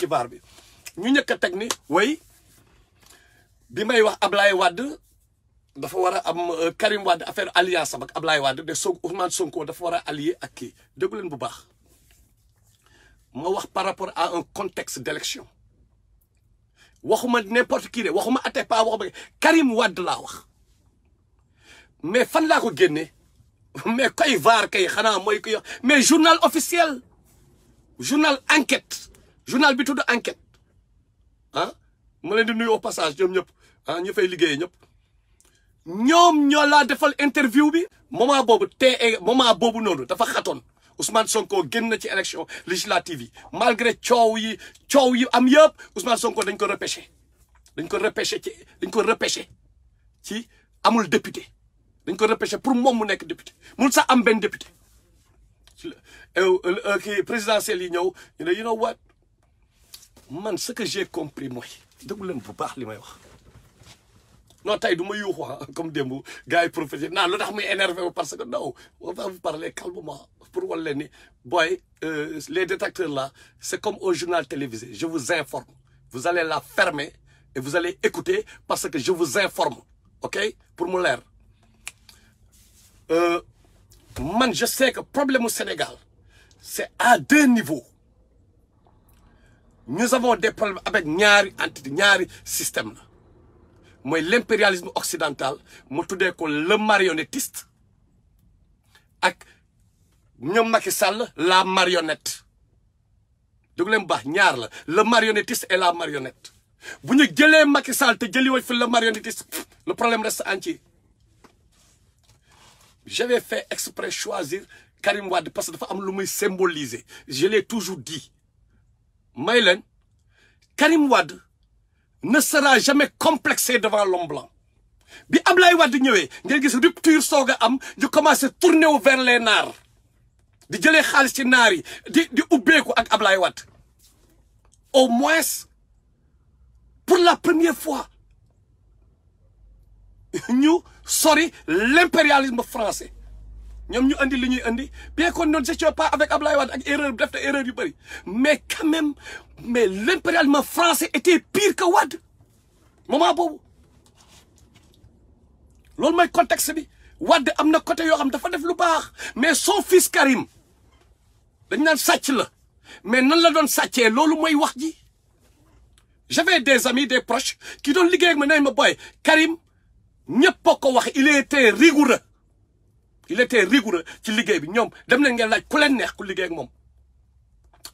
ci bi ñu njëkk a teg ni way bi may wax Ablaye Wade dafa war a am euh, Karim Wade affaire alliance am ak Ablaye Wade de Sonko Ousmane Sonko dafa war a allié ak kii déglu bu baax ma wax par rapport à un contexte d'élection waxuma n'importe qui de waxuma Atepa waxuma Karim Wade laa wax mais fan laa ko génnee mais koy vaar kay xanaa mooy ko mais journal officiel journal enquête journal bi tout de enquête ah ma leen di nuyu au passage ñoom ñëpp ah ñëpp ñoom ñoo laa defal interview bi moment boobu te moment boobu noonu dafa xatoon Ousmane Sonko génn na ci élection législative yi malgré coow yi coow yi am yëpp Ousmane Sonko dañ ko repêché dañ ko repêché ci dañ ko repêché ci amul député dañ ko repêché pour moom mu nekk député mun sax am benn député euh, euh, kii présidentielle yi ñëw yi know what man ce que j'ai compris mooy déglu leen bu baax li may wax non tey du ma yuuxu ah, comme démb gars yi profité naa lu tax muy énervé wu parce que non on va vous parler calmement pour wal leen ni booy euh, les détracteurs la c'est comme au journal télévisé je vous informe vous allez la fermer et vous allez écouter parce que je vous informe ok pour mu leer euh, man je sais que problème mu Sénégal c'est à deux niveaux nous avons des problèmes avec ñaari entité ñaari système la mooy l'impérialisme occidental mu tuddee ko le marionnettiste ak ñoom Macky Sall la marionnette déglu leen baax ñaar la le marionnettiste et la marionnette bu ñu jëlee Macky Sall te jëli woon fi le marionnettiste le problème reste entier j'avais fait exprès choisir Karim Wade parce que dafa am lu muy symboliser je l'ai toujours dit may leen Karim Wade ne sera jamais complexé devant l'homme blanc bi Ablaye Wade ñëwee ngeen gis rupture soog a am ñu commencé tourner wu vers les naar di jëlee xaalis ci naar yi di di ubbeeku ak Ablaye Wade au moins pour la première fois ñu sori l'impérialisme français ñoom ñu andi li ñuy andi bien kon ne s'échoue pas avec Ablaye Wade ak erreur def na yu bëri mais quand même mais ma français était pire que Wade moment boobu loolu mooy contexte bi Wade am na côté yoo xam dafa def lu baax mais son fils Karim dañ naan sàcc la mais nan la doon sàccee loolu mooy wax ji j'avais des amis des proches ki doon liggéey ma ne ma boy Karim ñëpp a ko wax il était rigoureux il était rigoureux ci liggéey bi ñoom dem leen ngeen laaj ku leen neex ku liggéey moom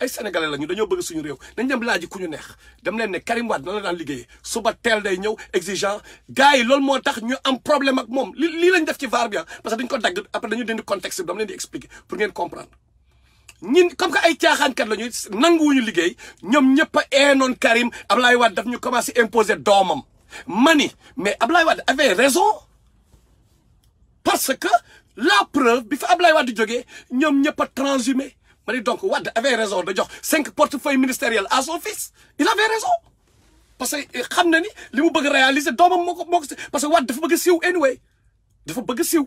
ay sénégalais la ñu dañoo bëgg suñu réew nañ dem laaji ku ñu neex dem leen ne Karim Wade na daan liggéeyee suba teel day ñëw exigeant gars yi loolu moo tax ñu am problème ak moom li lii lañ def ci VAR bi ah, parce que dañ ko dagg après dañu dindi contexte bi dama leen di expliquer pour ngeen comprendre ñin comme que ay caaxaankat la ñuy nanguwuñu liggéey ñoom ñëpp a eenoon Karim Ablaye Wade daf ñu commencé imposer doomam mani mais Ablaye Wade avait raison parce que la preuve bi fa Ablaye Wade jógee ñoom ñëpp a transhumé ma ni donc Wade avait raison de jox cinq portefeuilles ministériels à son fils il avait raison parce que xam na ni li mu bëgg réaliser doomam moo ko moo parce que Wade dafa bëgg siiw anyway dafa bëgg siw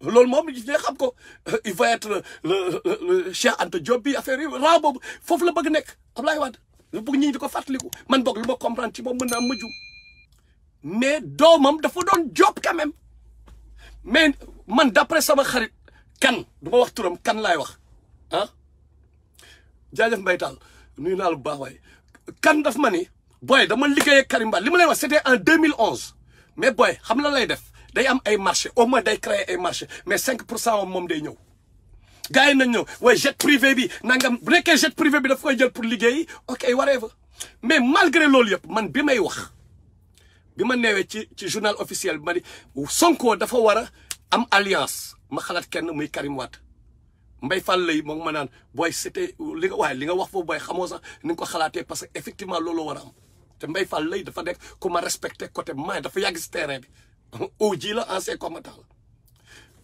loolu moom ñu xam ko euh, il va être le le Cheikh Anta Diop bi affaire yi raa boobu foofu la bëgg nekk Ablaye Wade lu bëgg ñi di ko fàttaliku man boog lu ma comprendre ci moom mën naa mujj mais doomam dafa doon job quand même. mais man d'après sama xarit kan du wax turam kan laay wax ah jaajëf Mbaye Tall nuyu naa la bu baax waaye kan daf ma ni booy dama liggéey ak Karim li ma lay wax c'était en 2011 mais booy xam la lay def day am ay marché au moins day créer ay marché mais 5 pour cent moom day ñëw. gars yi nañ ñëw waaye jet privé bi nangam bu nekkee jet privé bi daf koy jël pour liggéey ok whatever mais malgré loolu yëpp man bi may wax. bi ma neewee ci ci journal officiel bi ma Sonko dafa war a am alliance ma xalaat kenn muy Karim Wade Mbaye Fall lay moom ma naan booy c'était li nga waaye li nga wax foofu booy xamoo sax ni nga ko xalaatee parce que effectivement loolu war am te Mbaye Fall lay dafa nekk ku ma respecté côté maay dafa yàgg si terrain bi au ji la ko ma tax la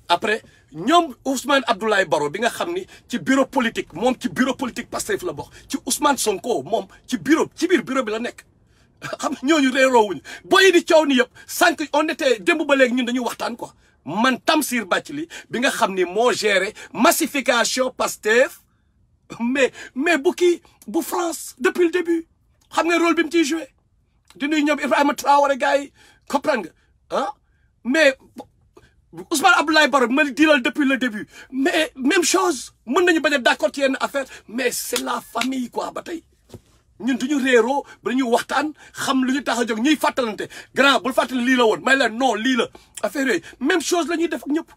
après ñoom Ousmane Abdoulaye Baro bi nga xam ni ci bureau politique moom ci bureau politique Pastef la bokk ci Ousmane Sonko moom ci bureau ci biir bureau bi la nekk xam ñooñu réeroo wuñu boy di coow ni yëpp sànq on était démb ba léegi ñun dañuy waxtaan quoi man Tamsir Bathily bi nga xam ni moo géré massification Pastef mais mais bu kii bu France depuis le début xam nga rôle bi mu ciy joué di nuyu ñoom Ibrahima Traoré gars yi comprendre nga ah mais Ousmane Abdoulaye Baro ma diral depuis le début mais même chose mun nañu bañ a d'accord ci yenn affaire mais c'est la famille quoi ba tey ñun duñu réeroo ba dañuy waxtaan xam lu ñu tax a jóg ñuy fàttalante grand bul fàttali lii la may la non lii la affaire yooyu même chose la ñuy def ñëpp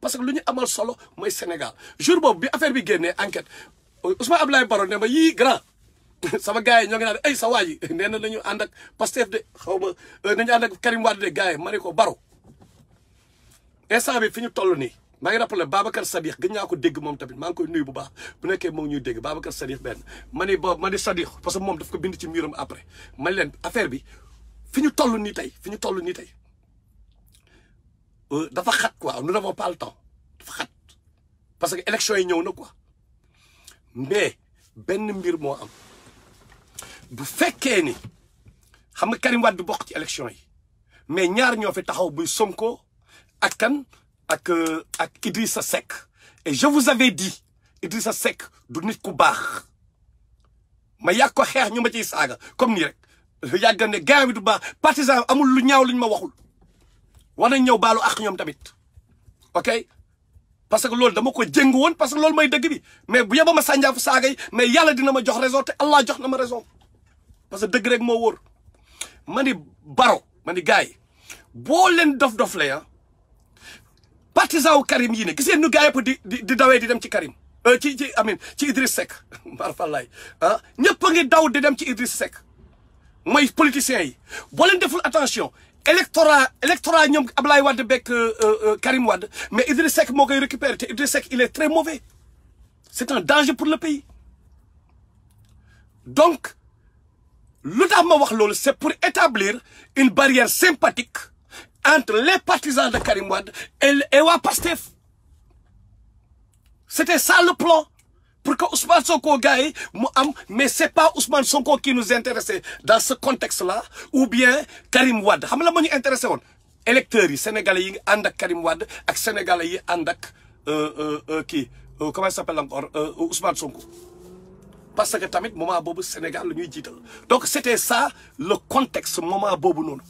parce que lu ñu amal solo mooy Sénégal jour boobu bi affaire bi génnee enquête euh, Ousmane Abdoulaye Baro ne ma yii grand sama gars yi ñoo ngi naan ay sa nee na nañu ànd ak Pastef de xaw ma euh, nañu ànd ak Karim Wade de gars yi ma ne ko Baro instant bi fi ñu toll nii maa ngi rappelé Babacar Sadikh gën naa ko dégg moom tamit maa ngi koy nuyu bu baax bu nekkee moom ñuy dégg Babacar Sadikh benn ma ni boobu ma ni Sadikh parce que moom daf ko bind ci muram après man leen affaire bi fi ñu toll nii tey fi ñu toll nii tey euh, dafa xat ko nous n'avons pas le temps dafa xat parce que élection yi ñëw na ko mais benn mbir moo am bu fekkee ni xam nga Karim Wade du bokk ci élection yi mais ñaar ñoo fi taxaw buy ko ak kan ak euh, ak Idrissa Seck et je vous avais dit Idrissa Seck du nit ku baax ma yàgg ko xeex ñu ma ciy saaga comme nii rek yàgg ne gain bi du baax partisan amul lu ñaaw ñu ma waxul war nañ ñëw baalu ak ñoom tamit ok parce que lool dama ko jéng woon parce que loolu may dëgg bi mais bu yebama sànjaafu saaga yi mais yàlla dina ma jox raison te Allah jox na ma raison parce que dëgg rek moo wóor ma ni baro ma ni gars yi boo leen dof-dof la ah, partisan wu Karim yi ne gis ngeen ñu gaa yëpp di di dawee di dem ci Karim euh, ci ci amin ci Idriss Seck marfallaay ah, ñëpp a ngi daw di dem ci Idriss Seck mooy politiciens yi boo leen deful attention électorat électorat ñoom Ablaye Wade beeg euh, euh, Karim Wade mais Idriss sek moo koy récupérer te Idriss Seck il est très mauvais c'est un danger pour le pays donc lu tax ma wax loolu c'est pour établir une barrière sympathique entre les partisans de Karim Wade et, et waa Pastef c'était ça le plan pour que Ousmane Sonko gars yi mu am mais c'est pas Ousmane Sonko qui nous intéressait dans ce contexte là ou bien Karim wadd xam la ma ñu intéressé woon électeurs yi sénégalais yi ànd ak Karim wadd ak sénégalais yi ànd ak euh, euh, euh, kii comment il s'appelle encore Ousmane Sonko parce que tamit moment boobu Sénégal la ñuy jiital donc c'était ça le contexte moment boobu noonu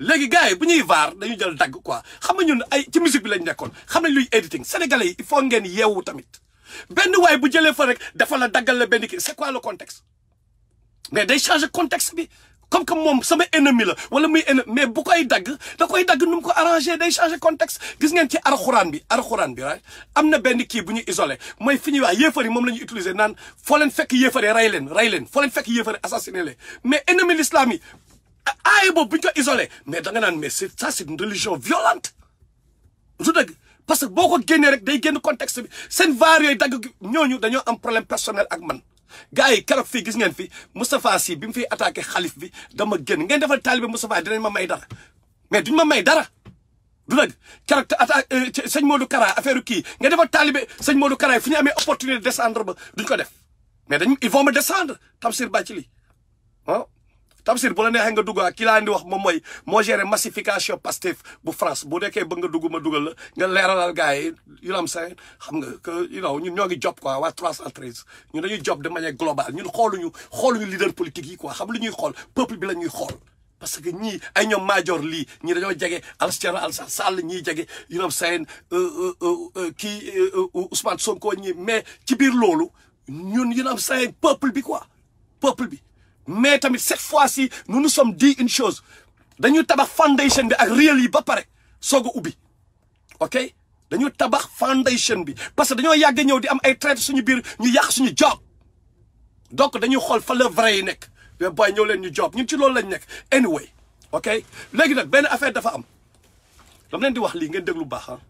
léegi gars yi bu ñuy vaar dañu jël dagg quoi xam nga ñun ay ci musique bi lañ nekkoon xam nañ luy editing sénégalais yi il faut ngeen yeewu tamit benn waay bu jëlee fa rek dafa la daggal le benn ki c'est quoi le contexte mais day changer contexte bi comme que moom sama ennemi la wala muy ennemi mais bu koy dagg da koy dagg nu mu ko arrangé day changé contexte gis ngeen ci arxuraan bi arxuraan bi am na benn kii bu ñu isolé mooy fi ñu wax yéefar yi moom la ñu utiliser naan foo leen fekk yéefar yi rey leen leen foo leen fekk yéefar yi assassiné leen mais ennemi l'islam yi aay boobu bu ñu ko isolé mais danga naan mais c'est ça c'est une religion violente su dëgg parce que boo ko génnee rek day génn contexte bi seen vaar yooyu dagg ñooñu dañoo am problème personnel ak man gars yi keroog fii gis ngeen fi Moustapha Sy bi mu fiy attaqué xalif bi dama génn ngeen defal taalibe Moustapha dinañ ma may dara mais duñ ma may dara du nag keroog te attaque euh, sëñ Modou Kara affaire kii nga defal taalibe sëñ Modou Kara fu ñu amee opportunité de descendre ba duñ ko def mais dañ ils vont me descendre Tamsir Bathily ah Tamsir bu la neexee nga dugg ak ah, ki laa di wax moom mooy moo géré massification Pastef bu France bu nekkee bëgg nga dugg ma dugal la nga leeralal gars yi yu am sax xam nga que you know ñun ñoo ngi job quoi waa 313 ñun dañuy job de manière globale ñun xooluñu xooluñu leader politique yi quoi xam lu ñuy xool peuple bi la ñuy xool. parce que ñii ay ñoom maajoor lii ñii dañoo jege Alasaan Alassane Sall ñii jege yu am sax euh, euh, euh, kii Ousmane Sonko ñii mais ci biir loolu ñun yu am sax peuple bi quoi peuple bi. mais tamit cette fois si nous some sommes dit une chose dañu tabax foundation bi ak réel yi ba pare soog a ubbi ok dañu tabax foundation bi parce que dañoo yàgg ñëw di am ay traite suñu biir ñu yàq suñu job donc dañuy xool fa le yi nekk mais booy ñëw leen ñu job ñu ci loolu lañ nekk anyway ok léegi nag benn affaire dafa am dama leen di wax lii ngeen lu baax ah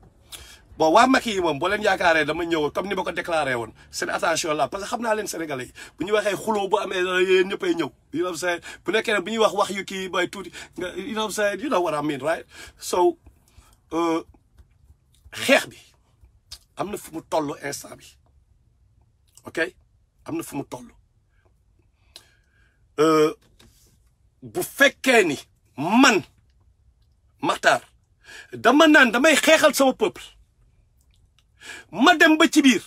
bon waa Macky yi moom boo leen yaakaaree dama ñëw comme ni ma ko déclaré woon seen attention la parce que xam naa leen sénégalais yi bu ñu waxee xuloo bu amee yéen ñëppay ñëw you know say bu nekkee ne bu ñuy wax wax yu kii bay tuuti nga you know say you know what I mean right so euh, xeex bi am na fu mu toll instant bi ok am na fu mu toll euh, bu fekkee ni man Matar dama naan damay xeexal sama peuple ma dem ba ci biir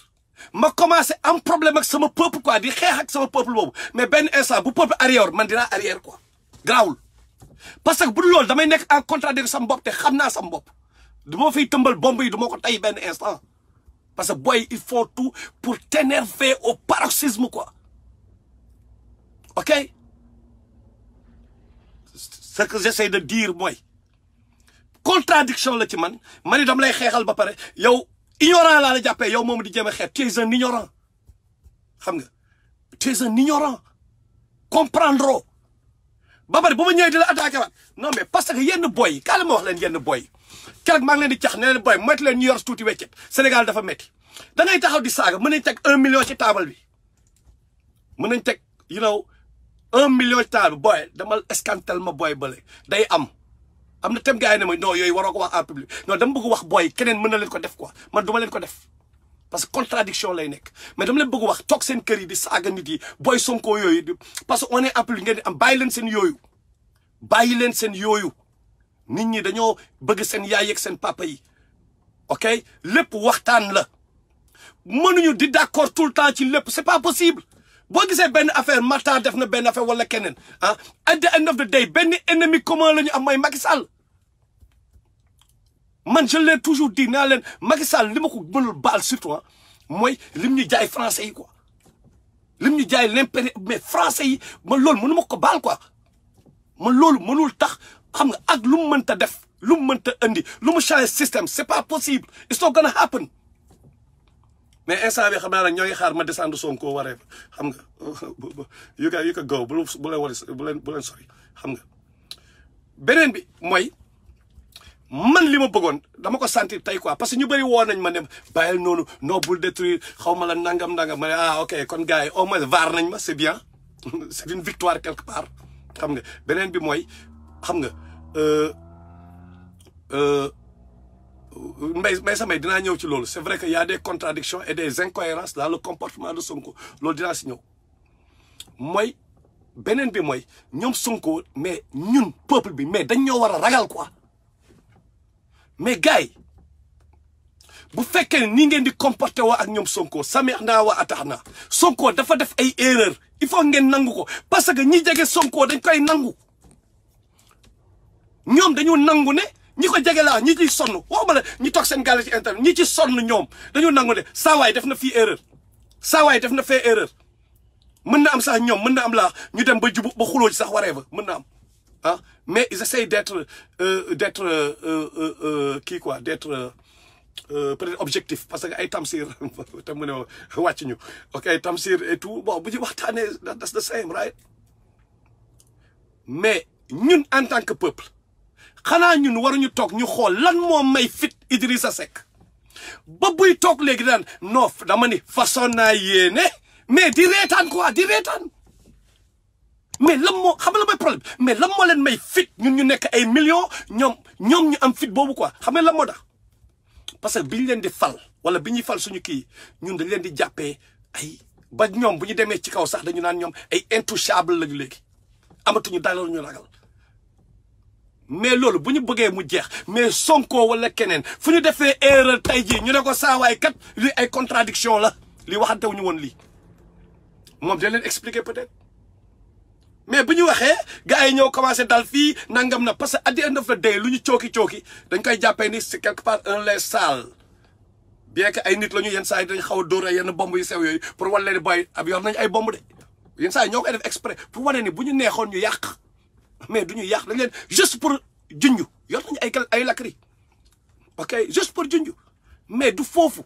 ma commencé am problème ak sama peuple quoi di xeex ak sama peuple boobu mais benn instant bu peuple arrière man dinaa arrière ko garaawul parce que bu dul damay nekk en contradiction sama bopp te xam naa sama bopp du ma fiy tëmbal bomb yi du ko tay benn instant parce que booy il faut tout pour t'énerver au paroxysme quoi ok ce que j'essaie de dire mooy contradiction la ci man ma ni dam lay xeexal ba pare yow ignorant laa la jàppee yow moom di jéem a xeet tu es un ignorant xam nga tu es un ignorant comprendre ba bari bu ma ñëwee di la attaqué waat non mais parce que yenn boy yi kaale ma wax leen yenn boy yi keroog maa ngi leen ne leen boy moytu leen ñu yor tuuti weccet Sénégal dafa metti da ngay taxaw di saaga mën nañ teg un million ci taabal bi mën nañ teg you un million ci taabal bi booy damal escantel ma booy bële day am am na tem gars ne ma non yooy waroo ko wax en public non dama bëgg wax booy keneen mën na leen ko def quoi man duma leen ko def parce que contradiction lay nekk mais dama leen bëgg wax toog seen kër yi di saaga nit yi booy sonko yooyu parce que on en public ngeen am bàyyi leen seen yooyu bàyyi leen yooyu nit ñi dañoo bëgg seen yaay ak seen papa yi ok lépp waxtaan la mënuñu di d'accord tout le temps ci lépp c'est pas possible boo gisee benn affaire Matar def na benn affaire wala keneen ah at the end of the day la ñu am mooy Macky Sall man je l'ai toujours dit naa leen Macky Sall li ma ko mënul baal surtout ah, mooy lim ñu jaay français yi ko lim ñu jaay l'impérial mais français yi ma loolu mënu ma ko baal quoi man loolu mënul tax xam nga ak lu mu mënta def lu mu ta indi lu mu changer système c'est pas possible it's not gonna happen mais instant bi xam naa nag ñoo xaar ma descendre Sonko waree xam nga yu ko yu ko gaw bu bu leen bu leen xam nga beneen bi mooy man li ma bëggoon dama ko sentir tey quoi parce que ñu bëri woo nañ ma ne bàyyil noonu non bul détruire xaw ma la nangam nangam ma ne ah, ok kon gars yi au moins vaar nañ ma c'est bien c'est une victoire quelque part xam nga beneen bi mooy xam nga mbay mbay samay dinaa ñëw ci loolu c'est vrai que y a des contradictions et des incohérences dans le comportement de Sonko loolu dinaa si ñëw mooy beneen bi mooy ñoom Sonko mais ñun peuple bi mais dañ ñoo war a ragal quoi mais gars yi bu fekkee ni ngeen di comporté woo ak ñoom Sonko sami naa wa atax naa Sonko dafa def ay erreur il faut ngeen nangu ko parce que ñi jege sonkoo dañ koy nangu ñoom dañu nangu ne ñi ko jege laa ñi ciy sonn waxuma la ñi toog seen gàll ci internet ñi ci sonn ñoom dañu nangu ne saawaay def na fii erreur saawaay def na fee erreur mën na am sax ñoom mën na am laa ñu dem ba jubu ba xuloo sax waree ba mën na am ah mais ils essayent d'être euh, d'être euh, euh, euh, kii euh, quoi d'être peut-être objectif parce que ay Tamsir te mu ne ñu ok ay Tamsir et tout bo bu ñu waxtaanee that's the same right mais ñun en tant que peuple xanaa ñun waruñu toog ñu xool lan moo may fit Idrissa Seck ba buy toog léegi daan no dama ni façon naa yéene mais di reetaan quoi di reetaan mais lan moo xam la mooy problème mais lan moo leen may fit ñun ñu nekk ay millions ñoom ñoom ñu am fit boobu quoi xam nga lan moo dax parce que bi ñu leen di fal wala bi ñuy fal suñu kii ñun dañ leen di jàppee ay ba ñoom bu ñu demee ci kaw sax dañu naan ñoom ay intouchable lañu léegi amatuñu dara ñu ragal mais loolu bu ñu bëggee mu jeex mais Sonko wala keneen fu ñu defee erreur tey jii ñu ne ko saawaay kat lii ay contradiction la li waxante wu ñu woon lii moom dina expliquer peut mais bu ñu waxee gars yi ñëw commencé dal fii nangam na parce que at the end of the day lu ñu cooki cooki dañ koy jàppee ni c'est quelque part un lait sale bien que ay nit la ñu yenn saa dañ xaw a dóor yenn bomb yu sew yooyu pour wan leen booy ab yor nañu ay bomb de yenn saa yi ñoo koy def exprès pour wane ni bu ñu neexoon ñu yàq mais du ñu yàq dañ leen juste pour junju yor nañu ay ay lakri ok juste pour junju mais du foofu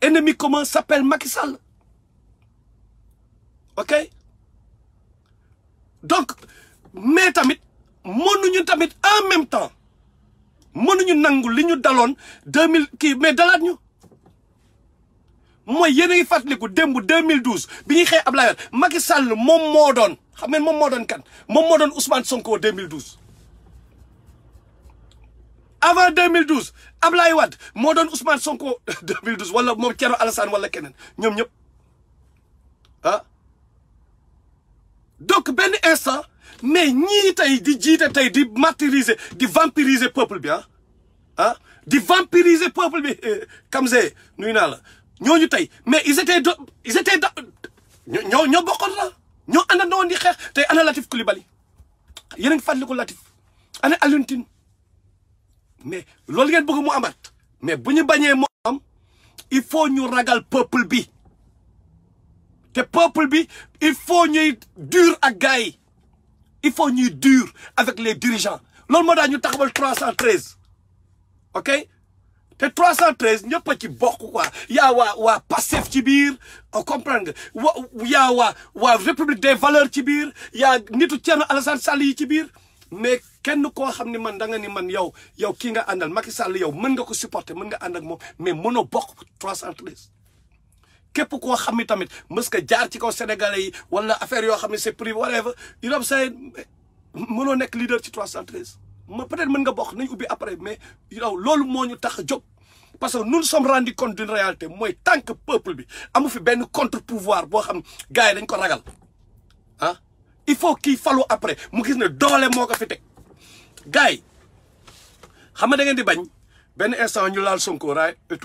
ennemi commun s'appelle Macky Sall ok. donc mais tamit mënuñu tamit en même temps mënuñu nangu li ñu daloon deux mille kii mais dalaat ñu mooy yéen a ngi fàttaliku démb 2012 bi ñuy xëy Ablaye Wade Macky Sall moo doon xam ngeen moom moo doon kan moom moo doon Ousmane Sonko 2012. avant 2012 Ablaye Wade moo doon Ousmane Sonko 2012 wala moom Thierno Alassane wala keneen ñoom ñëpp ah? donc benn instant mais ñii tey di jiite tey di martyriser di vampiriser peuple bi ah ah di vampiriser peuple bi eh, Kamze nuy naa la ñooñu tey mais ils étaient de ils étaient de ñoo ñoo bokkoon la ñoo àndandoon di xeex tey ana Latif Coulibaly yéen a ngi fàttaliku Latif ana Alioune mais loolu ngeen bëgg mu amaat mais bu ñu bañee mo am il faut ñu ragal peuple bi te peuple bi il faut ñuy dur ak gars yi il faut ñuy dur avec les dirigeants loolu moo tax ñu taxawal 313 ok te 313 ñëpp a ci bokk ko yaa waa waa Pastef ci biir euh, comprendre nga wa yaa waa waa république des valeurs ci biir yaa nitu Thierno Alassane Sall yi ci biir mais kenn koo xam ne man da nga ni man yow yow kii nga àndal Macky Sall yow mën nga ko supporter mën nga ànd moom mais mënoo bokk 313 képp koo xam ni tamit mës jaar ci kaw sénégalais yi wala affaire yoo xam ne c'est privé whatever Iram Seye mënoo nekk leader ci 313. ma peut-être mën nga bokk nañ ubbi après mais yow loolu moo ñu tax a parce que nous sommes rendu compte d'une réalité mooy tant que peuple bi amu fi benn contre-pouvoir boo xam gars yi dañ ko ragal ah? il faut kii falu après mu gis ne doole moo ko fi teg gars yi xam nga da ngeen di bañ benn instant ñu laal Sonko raay et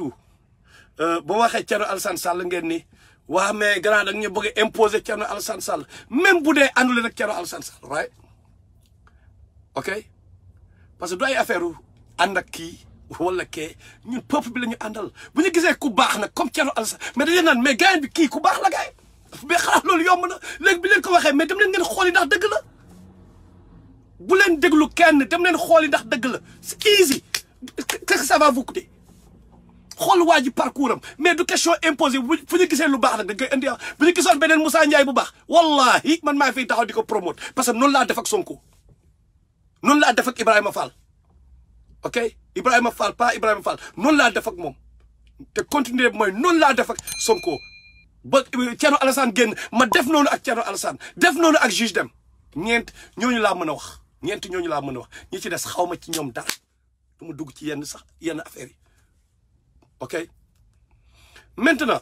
Euh, bu waxee Thierno Alassane Sall ngeen ni waa mais grand da ñu bëgg a imposer Thierno Alassane Sall même bu dee àndul rek Thierno Alassane Sall right ok parce que du ay affaire ànd ak kii wala kee ñun peuple bi lañu ñu àndal bu ñu gisee ku baax na comme Thierno Alassane mais dañuy naan mais gars bi kii ku baax la bee mais xalaat yomb na léegi bi leen ko waxee mais dem leen ngeen xool yi ndax dëgg la bu leen déglu kenn dem leen xool yi ndax dëgg la c'est easy qu'est-ce que xool waa ji parcours am mais du question imposé fu ñu gisee lu baax nag dañ koy indi ah. bu ñu gisoon beneen Moussa Ndiaye bu baax wallahi man maa fiy taxaw di ko promote parce que noonu laa def ak Sonko noonu laa def ak Ibrahima Fall ok Ibrahima Fall pa Ibrahima Fall noonu laa def ak moom te continuer mooy noonu laa def ak Sonko ba Thierno Alassane génn ma def noonu ak Thierno Alassane def noonu ak juge ñeent ñooñu laa mën a wax ñeent ñooñu laa mën a wax ñi ci des xaw ma ci ñoom dara du ma dugg ci yenn sax yenn affaire yi. ok maintenant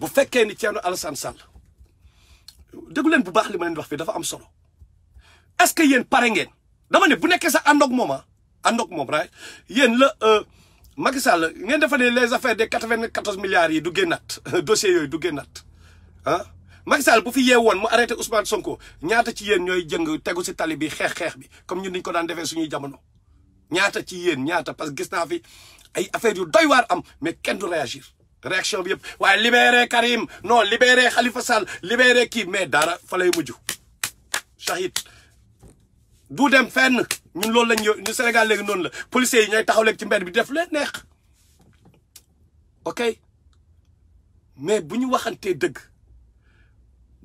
bu fekkee ni Thierno Alassane Sall déglu leen bu baax li ma leen wax fi dafa am solo est-ce que yéen pare ngeen dama ne bu nekkee sax àndoog moom ah àndoog moom right yéen la euh, Macky Sall ngeen defa ne les affaires des quatre-vingt-quatorze milliards yi du génnaat dossiers yooyu du génnaat ah Macky Sall bu fi yee woon mu arrêté Ousmane Sonko ñaata ci yéen ñooy jëng tegu si tali bi xeex-xeex bi comme ñun niñ ko daan defee suñuy jamono ñaata ci yéen ñaata parce que gis naa fi ay affaire yu doy waar am mais kenn du réagir réaction bi yëpp waaye libéré Karim non libéré Khalifa Sall libéré kii mais dara fa lay mujj shahid du dem fenn ñun loolu la ñu ñu Sénégal léegi noonu la policiers yi ñooy taxaw léegi ci mbedd bi def le neex ok mais bu ñu waxantee dëgg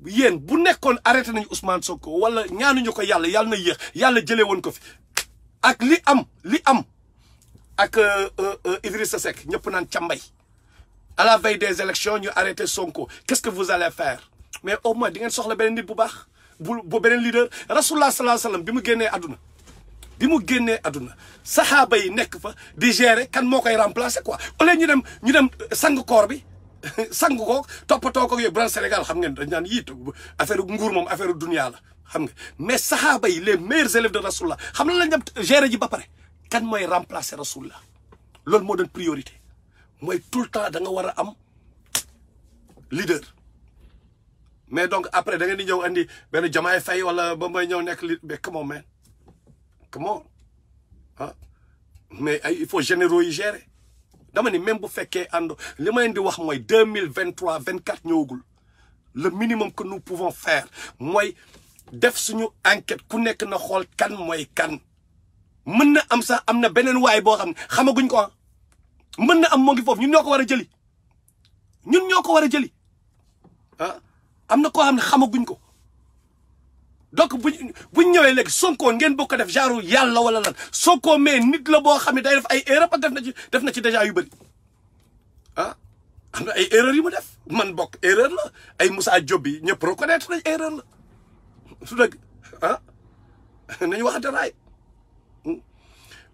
yéen bu nekkoon arrêté nañu Ousmane Sonko wala ñaanuñu ko yàlla yàlla na yéex yàlla jëlee woon ko fi ak li am li am ak euh, euh, euh, Idrissa Seck ñëpp naan càmbay à la veille des élections ñu arrêté Sonko qu'est-ce que vous allez faire mais au moins di ngeen soxla beneen nit bu baax bu bu beneen leader rasulullah sallallahu alayhi wasallam bi mu génnee àdduna bi mu génnee àdduna saxaaba yi nekk fa di gérer kan moo koy remplacer quoi au lieu ñu dem ñu dem sang koor bi sang ko toppatoo ko yooyu bu Sénégal xam ngeen dañ naan yii affaire nguur moom affaire dunia la xam nga mais saxaaba yi les meilleurs élèves de rasulullah xam na lañ dem gérer ji ba pare kan mooy remplacer rasulullah loolu moo doon priorité mooy tout le temps da nga war a am leader mais donc après da ngeen di ñëw andi benn jamaay fay wala ba may ñëw nekk li mais come on man come ah mais ay il faut généraux yi gérer dama ni même bu fekkee ànd li ma leen di wax mooy deux mille vingt trois vingt quatre ñëwagul le minimum que nous pouvon faire mooy def suñu enquête ku nekk na xool kan mooy kan mën na am sax am na beneen waay boo xam ne xamaguñ ko ah mën na am moo foofu ñun ñoo ko war a jëli ñun ñoo ko war a jëli ah am na koo xam ne xamaguñ ko donc bu buñ ñëwee léegi Sonko ngeen bokk ko def genre yàlla wala lan Sonko mais nit la boo xam ne day def ay erreur def na ci def na ci déjà yu bëri ah am na ay erreur yu mu def man bokk erreur la ay Moussa Diop yi ñëpp reconnaître nañ erreur la su dëgg ah nañu waxante raay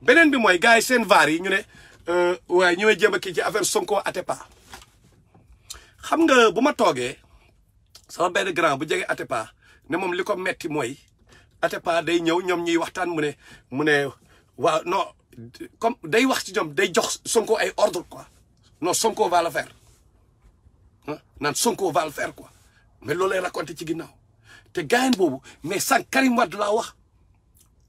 beneen bi mooy gars yi seen vaar yi ñu ne euh, waaye ñu ngi jéem a kii ci affaire Sonko Atepa xam nga bu ma toogee sama benn grand bu jege Atepa ne moom li ko metti mooy Atepa day ñëw ñoom ñuy waxtaan mu ne mu ne waaw non comme day wax ci ñoom day jox Sonko ay ordre quoi non Sonko va le nan naan Sonko va le faire quoi mais loolu lay raconté ci ginnaaw te gars boobu mais sànq Karim Wade laa wax.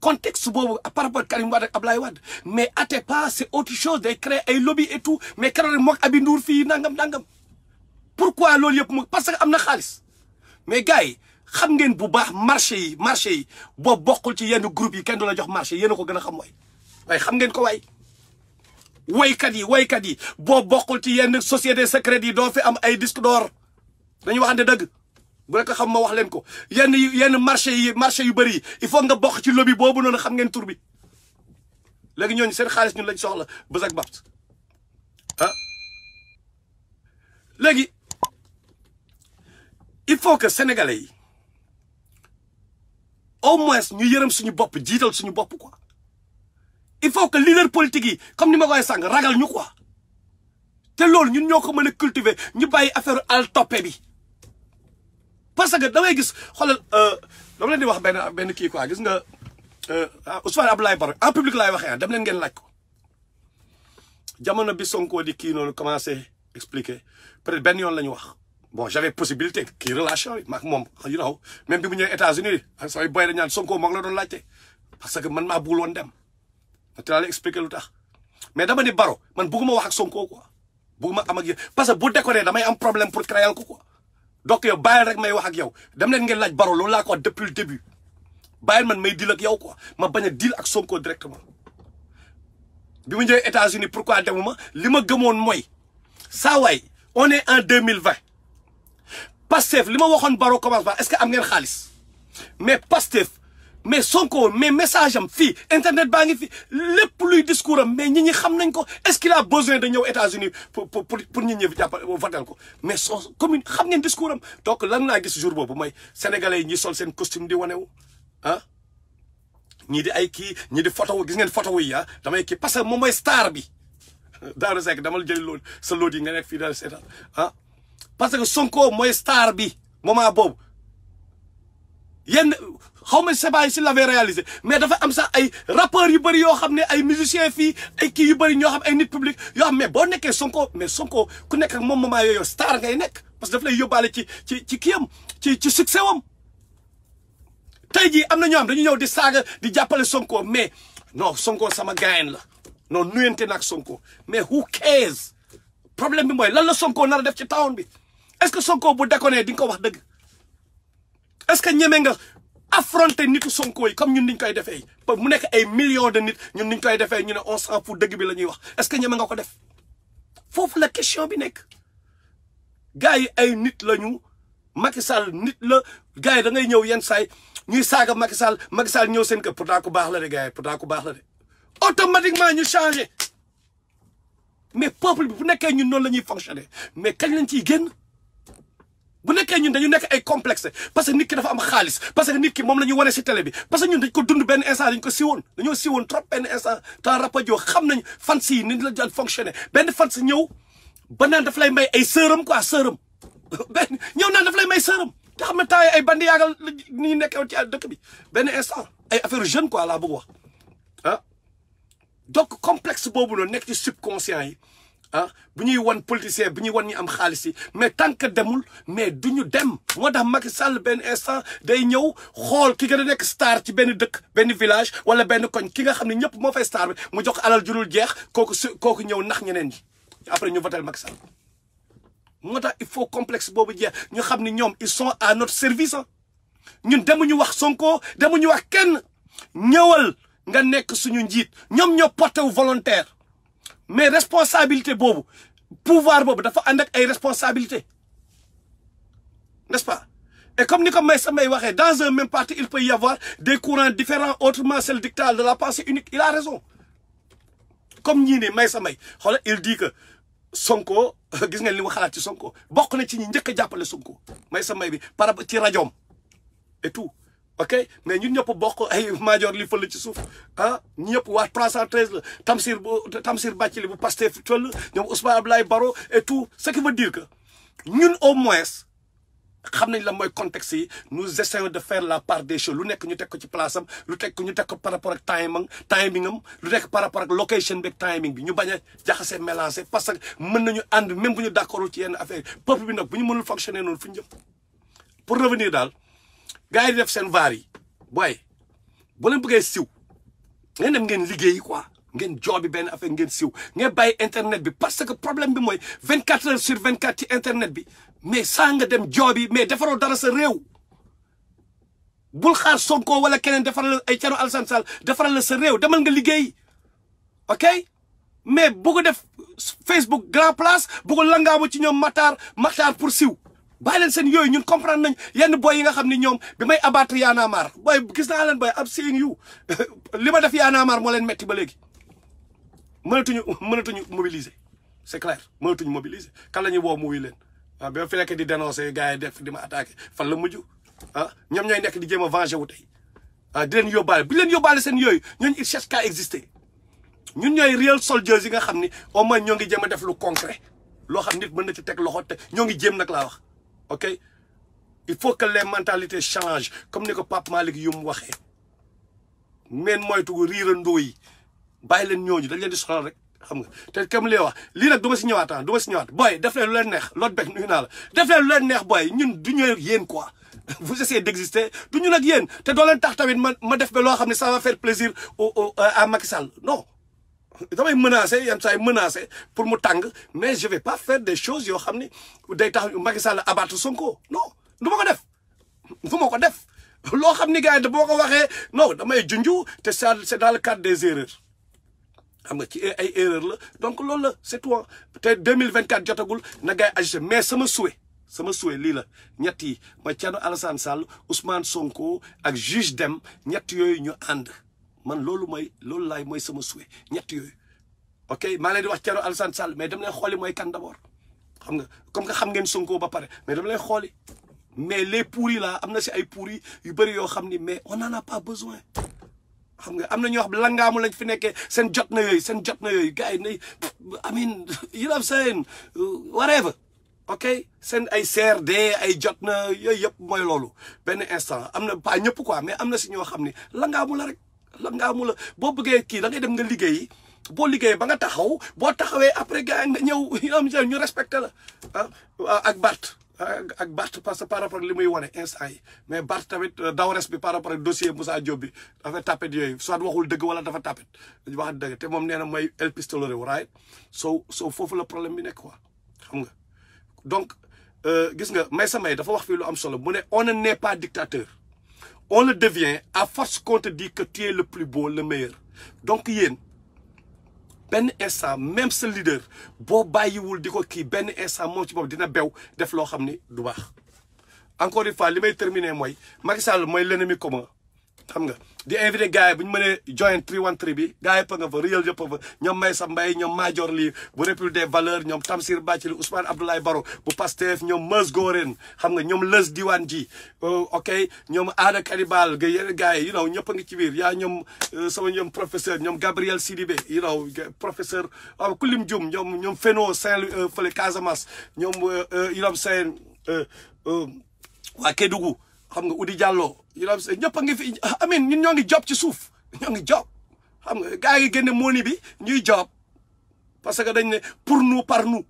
contexte boobu par rapport ak Karim ab ak Ablaye Wade mais Atepa c'est autre chose day créer ay lobby et tout mais keroog moog Abi Ndour fii nangam nangam. pourquoi loolu yëpp mu parce que am na xaalis mais gars yi xam ngeen bu baax marché yi marché yi boo bokkul ci yenn groupe yi kenn du la jox marché yéen a ko gën a xam waay waaye xam ngeen ko waay. waykat yi waykat yi boo bokkul ci yenn société secrète yi doo fi am ay disque d'or dañu waxante dëgg. bu rek xam ma wax leen ko yenn yenn marché marché yu bëri yi il faut nga bokk ci lobby boobu noonu xam ngeen tur bi ñooñu seen xaalis ñu lañ soxla bés ak bapt ah léegi il faut que sénégalais yi au moins ñu yërëm suñu bopp jiital suñu bopp ko il faut que leader politique yi comme ni ma ko waxee sànq ragal ñu quoi te loolu ñun ñoo ko mën a cultiver ñu bàyyi affaire al toppe bi parce que da gis xoolal euh, dama leen di wax benn benn kii quoi gis nga euh, ah, Ousmane Abdoulaye Baro en public laay waxee ah dem leen ngeen laaj ko jamono bi Sonko di kii noonu commencé expliquer peut-être benn yoon la ñu wax bon j'avais possibilité kii relation yi maak moom you know même bi mu ñëwee États-Unis ak ah, boy dañu Sonko moo ngi la doon laajte parce que man maa bëggul woon dem ma te laa expliquer lu tax mais dama ni Baro man bëgguma wax ak Sonko quoi bëgguma am ak yéen parce que bu décoré damay problème pour créer ko donc yow bàyyil rek may wax ak yow dem leen ngeen laaj baro loolu laa ko wax depuis le début man may deal ak yow ko ma bañ a deal ak Sonko directement. bi mu ñëwee États-Unis pourquoi demuma li ma gëmoon mooy saa waay on est en deux mille vingt Pastef li ma waxoon baro commencement est-ce que am ngeen xaalis mais Pastef mais Sonko mais message am fii internet baa ngi fi lépp luy discours am mais ñi ñi xam nañ ko est-ce qu'il a besoin de ñëw États-Unis pour pour pour ñi ñëw jàppale votel ko mais son commune xam ngeen discours am donc lan naa gis jour boobu mooy sénégalais yi ñi sol seen costume di wanewu ah ñii di ay kii ñii di photo gis ngeen photo yi ah damay kii parce que moom mooy star bi Daara dama damal jëli lool sa loolu yi nga nekk fii daal seetaan ah parce que Sonko mooy star bi moment boobu xaw ma sebaay si l'avait réalisé mais dafa am sax ay rappeurs yu bëri yoo xam ne ay musiciens fii ay kii yu bëri ñoo xam ay nit public yoo xam mais boo nekkee Sonko mais Sonko ku nekk ak moom moment yooyu star ngay nekk parce que daf lay yóbbaale ci ci ci kiyam ci ci succès wam tey jii am na ñoo xam ñëw di saaga di jàppale Sonko mais non Sonko sama gayen la non nuyente naag Sonko mais who cares problème bi mooy lan la Sonko nar a def ci town bi est-ce que Sonko bu dekkoonee di ko wax dëgg est-ce que ñeme nga affronter nitu Sonko yi comme ñun ñu koy defee mu nekk ay millions de nit ñun niñ koy defee ñu ne on s'en fout dëgg bi la ñuy wax est-ce que ñeme nga ko def foofu la question bi nekk gars yi ay nit lañu Macky Sall nit la gars yi da ngay ñëw yenn saay ñuy saaga Macky Sall Macky Sall ñëw seen kër pourtant ku baax la de gars yi pourtant ku baax la de automatiquement ñu changé mais peuple bi bu nekkee ñun noonu la ñuy fonctionner mais kañ lañ ciy génn bu nekkee ñun dañu nekk ay complexe parce que nit ki dafa am xaalis parce que nit ki moom la ñuy wane si télé bi parce que ñun dañ ko dund benn instant dañ ko siwoon dañoo siwoon trop xam nañ fans yi ni la daan fonctionné benn fan fans ñëw ba naan daf lay may ay sëram quoi sëram benn ñëw naan daf lay may sëram te xam ne temps yi ay bandi yaagal ni ñu nekkewoon ci dëkk bi benn instant ay affaire jeune quoi laa bëgg wax ah donc complexe boobu noonu nekk ci subconscient yi ah bu ñuy wan politicien bu ñuy wan ñu am xaalis yi mais tant que demul mais du ñu dem moo tax Macky Sall benn instant day ñëw xool ki gën a nekk star ci benn dëkk benn village wala benn koñ ki nga xam ne ñëpp moo fay star bi mu jox alal jurul jeex kooku su kooku ñëw nax ñeneen ñi après ñu votel Macky Sall moo tax il faut complexe boobu jeex ñu xam ni ñoom ils son à notre service ñun ñu wax Sonko demuñu wax kenn ñëwal nga nekk suñu njiit ñoom ñoo porté wu volontaire mais responsabilité boobu pouvoir boobu dafa ànd ak ay responsabilité n'est-ce pas et comme ni ko may samay waxee dans un même parti il peut y avoir des courants différents autrement c'est le de la pensée unique il a raison comme ñii ne may samay xoolal il dit que Sonko gis ngeen li mu xalaat ci Sonko bokk na ci ñi njëkk a jàppale Sonko may samay bi par rapport ci rajoom et tout ok mais ñun ñëpp bokk ay maajoor li fël ci suuf ah ñëpp waa 313 la Tamsir Tamsir Bathily bu Pastef fël ñoom Ousmane Abdoulaye Baro et tout ce qui veut dire ñun au moins xam nañ la mooy contexte yi nous essayons de faire la part des choses lu nekk ñu teg ko ci place am lu teg ñu teg ko par rapport ak timing timing am lu nekk par rapport ak location bi ak timing bi ñu bañ a jaxase mélanger parce que mën nañu ànd même bu ñu d'accord ci yenn affaire peuple bi nag bu ñu mënul fonctionner noonu fu ñu jëm pour revenir daal gars yi def seen vaar yi booy bu leen bëggee siw ngeen dem ngeen liggéeyi quoi ngeen joobi benn affaire ngeen siw ngeen bay internet bi parce que problème bi mooy vingt quatre heures sur vingt quatre ci internet bi mais saa nga dem joobi mais defaroo dara sa réew bul xaar Sonko wala keneen defaral la ay Thierno Alassane Sall defaral la sa réew demal nga liggéey ok mais bu ko def Facebook grand place bu ko langaamu ci ñoom Matar Matar pour siw bàyyi leen seen yooyu ñun comprendre nañ yenn boy yi nga xam ni ñoom bi may abattre Y'en a marre booy gis naa leen booy ab seen yu li ma def Y'en a marre moo leen metti ba léegi mënatuñu mënatuñu mobiliser c'est clair mënatuñu mobiliser kan la ñuy woo muy leen waaw ah, ba fi nekk di dénoncer gars def di ma attaqué fan la mujj ah ñoom ñooy nekk di jéem a venger wu tey ah di leen yóbbaale bu leen yóbbaale seen yooyu ñooñu il cherche qu'à exister ñun ñooy real soldiers yi nga xam ni au moins ñoo ngi jéem a def lu concret loo xam nit mën na ci teg loxo te ñoo ngi jéem nag laa wax ok il faut que les mentalités changent comme ni ko Pape Malick yu mu waxee meen moytu riirandoo yi bàyyi leen ñooñu dañ leen di soxla rek xam nga te comme li wax lii nag du ma si ñëwaat ah du ma si ñëwaat booy def le lu leen neex loolu beeg nuyu naa la def leen neex booy ñun du ñu ak yéen quoi vous essayez d'exister du ñu ak yéen te doo leen tax tamit ma ma def ba loo xam ne ça va faire plaisir au euh, à Macky damay menacer yenn saa yi menacer pour mu tàng mais je vais pas faire des choses yoo xam ni day tax Macky Sall abattre Sonko non du ma ko def du ma ko def loo xam ni gars yi boo ko waxee non damay junju te ça c'est dans le cadre des erreurs xam nga ci ay erreur la donc loolu la c'est toi te quatre jotagul na gars yi agissé mais sama souhait sama souhait lii la ñett yi ma Thierno Alassane Sall Ousmane Sonko ak juge Deme ñetti yooyu ñu ànd. man loolu mooy loolu laay mooy sama souhait ñetti yooyu ok maa leen di wax Thierno Alassane Sall mais dama lay xooli mooy kan d'abord xam nga comme nga xam ngeen Sonko ba pare mais dama lay xooli mais les pourris la am na si ay pourris yu bëri yoo xam ni mais on n'en a pas besoin xam nga am na ñoo xam langaamu lañ fi nekkee seen jot na yooyu seen jot na yooyu gars yi nay amin yilaf seen whatever ok seen ay CRD ay jot na yooyu yëpp mooy loolu benn instant am na pas ñëpp quoi mais am na si ñoo xam ni langaamu la rek la ngaa mu la boo bëggee kii da ngay dem nga liggéeyi boo liggéeyee ba nga taxaw boo taxawee après gars yi nga ñëw ñu respecté la ah, ak barte ak barte parce que par rapport li muy wane instant yi mais Bart tamit euh, dawres bi par rapport ak dossier Moussa Diop bi dafa tapet yooyu soit waxul dëgg wala dafa tapet dañu wax dëgg te moom nee may mooy El Pistolero right so so foofu la problème bi nekk quoi xam nga donc euh, gis nga may samay dafa wax fii lu am solo mu ne on n'est pas dictateur on le devient à force qu'on di dit que tu le plus beau la meilleur donc yéen benn instant même sa leader boo bàyyiwul di ko kii benn instant moom ci bopp dina bew def loo xam ni du baax encore une fois li may terminer mooy Macky Sall mooy l'ennemi commun xam nga di invité gars yi bu ñu mënee join 313 bi gars yëpp nga fa réel yëpp nga fa ñoom Maysa Mbaye ñoom Major Ly bu République des valeurs ñoom Tamsir Bathily Ousmane Abdoulaye Baro bu Pastef ñoom Meus xam nga ñoom Lës Diwane ji euh, ok ñoom Aada Kanibal bal yeneen gars yi you know ñëpp a ngi ci biir yaa ñoom euh, sama ñoom professeur ñoom Gabriel Sidibé you know professeur waaw Kulim Dioum ñoom ñoom Feno Saint-Louis euh, fële Casamance ñoom you know saying waa Kédougou xam nga Udi Diallo Iram Seck ñëpp a ngi fi amin ñun ñoo ngi job ci suuf ñoo ngi job xam nga gars yi génne mooni bi ñuy job parce que dañ ne pour nous par nous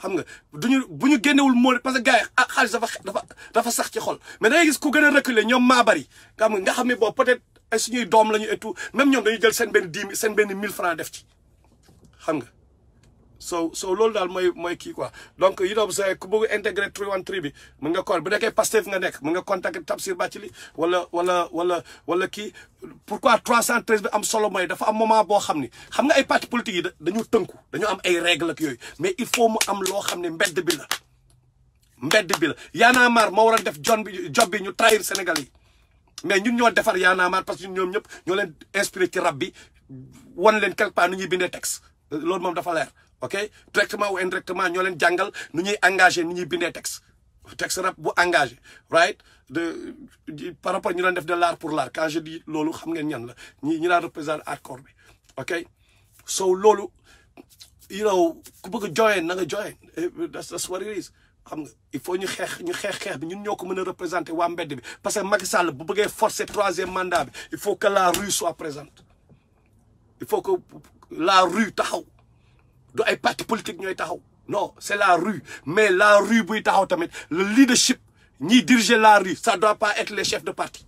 xam nga duñu bu ñu génnewul mooni parce que gars yi ah, xaalis dafa dafa dafa sax ci xol mais da ngay gis ku gën reculer ñoom maa bari xam nga nga xam ne boobu peut-être ay suñuy doom la ñu et tout même ñoom dañuy jël sen benn dix seen benn mille francs def ci xam nga soo so loolu daal mooy mooy kii quoi donc yi doom sa ku bëgg intégré three one three bi mun nga call bu nekkee Pastef nga nekk mun nga contacter Tafsir Bathily wala wala wala wala kii pourquoi 313 bi am solo mooy dafa am moment boo xam ni xam nga ay parti politique yi dañu tënku dañu am ay règle ak yooyu mais il faut mu am loo xam ne mbedd bi la mbedd bi la yaanaamaar moo war a def jon bi job bi ñu trahir Sénégal yi mais ñun ñoo defar yaanaamaar parce que ñun ñoom ñëpp ñoo leen inspiré ci rab bi wan leen quelque part nu ñuy bindee texte loolu moom dafa leer ok directement ou indirectement ñoo leen jàngal nu ñuy engagé ni ñuy bindee texte texte rap bu engagé right de par rapport ñu doon def de l'art pour l'art quand je dis loolu xam ngeen ñan la ñi ñi daan représenter hardcore bi ok so loolu you know ku bëgg a join na nga join eh, that's what xam nga il faut ñu xeex ñu xeex xeex bi ñun ñoo ko mën a représenter waa mbedd bi parce que Macky Sall bu bëggee forcer troisième mandat bi il faut que la rue soit présente il faut que la rue taxaw du ay parti politique ñooy taxaw no c'est la rue mais la rue buy taxaw tamit le leadership ñiy diriger la rue ça doit pas être le chefs de parti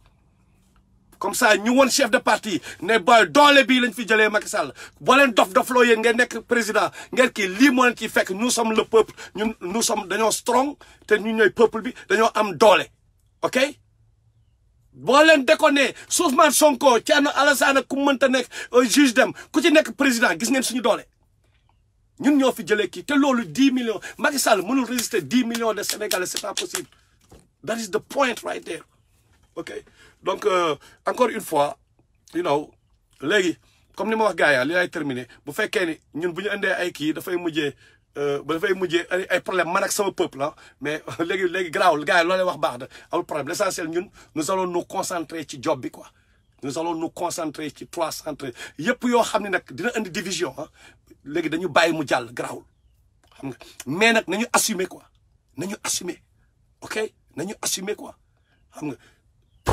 comme ça ñu woon chef de parti ne booy doole bi lañ fi jëlee Macky Sall boo leen dof dofloo yéen nekk président ngeen kii lii moo leen ciy fekk nous sommes le peuple ñun nous sommes dañoo strong te ñu ñooy peuple bi dañoo am doole ok boo leen déconné Ousmane Sonko Thierno Alassane ku mënta nekk juge dem ku ci nekk président gis ngeen suñu doole ñun ñoo fi jëlee kii te loolu dix millions Macky Sall mënul résister dix millions de Sénégalais c'est pas possible that is the point right there ok donc euh, encore une fois you know léegi comme ni ma wax gars yi li lay terminer bu fekkee ni ñun bu ñu indee ay kii dafay mujjee ba euh, dafay mujjee ay problème man ak sama peuple la ah. mais léegi léegi garaawul gars yi wax baax da amul problème l'essentiel ñun nous allons nu concentrer ci job bi quoi nu allons nous concentrer ci trois centres yëpp yoo xam ne nag dina indi division ah. léegi dañu bàyyi mu jàll garaawul xam nga mais nag nañu assumer quoi nañu assumer ok nañu assumer quoi xam nga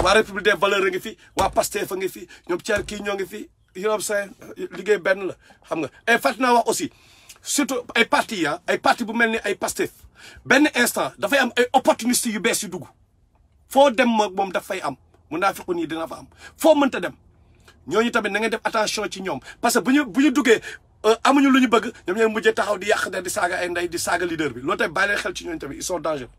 waa république des valeurs a ngi fi waa Pastef fa ngi fi ñoom Thiel kii ñoo ngi fi Europe sa liggéey benn la xam nga et fàttali wax aussi surtout ay parti ya ah, ay parti bu mel ni ay Pastef benn instant dafay am ay opportuniste yu bees yu dugg foo dem moom daf fay am mun naa fekkoon nii dina fa am foo mënta dem ñooñu tamit na ngeen def attention ci ñoom parce que bu ñu bu ñu duggee Euh, amuñu lu ñu bëgg ñoom ñooy mujjee taxaw di yàq de di saaga ay ndey di saaga leader bi loolu tamit bàyyi leen xel ci ñooñu tamit ils sont dangereux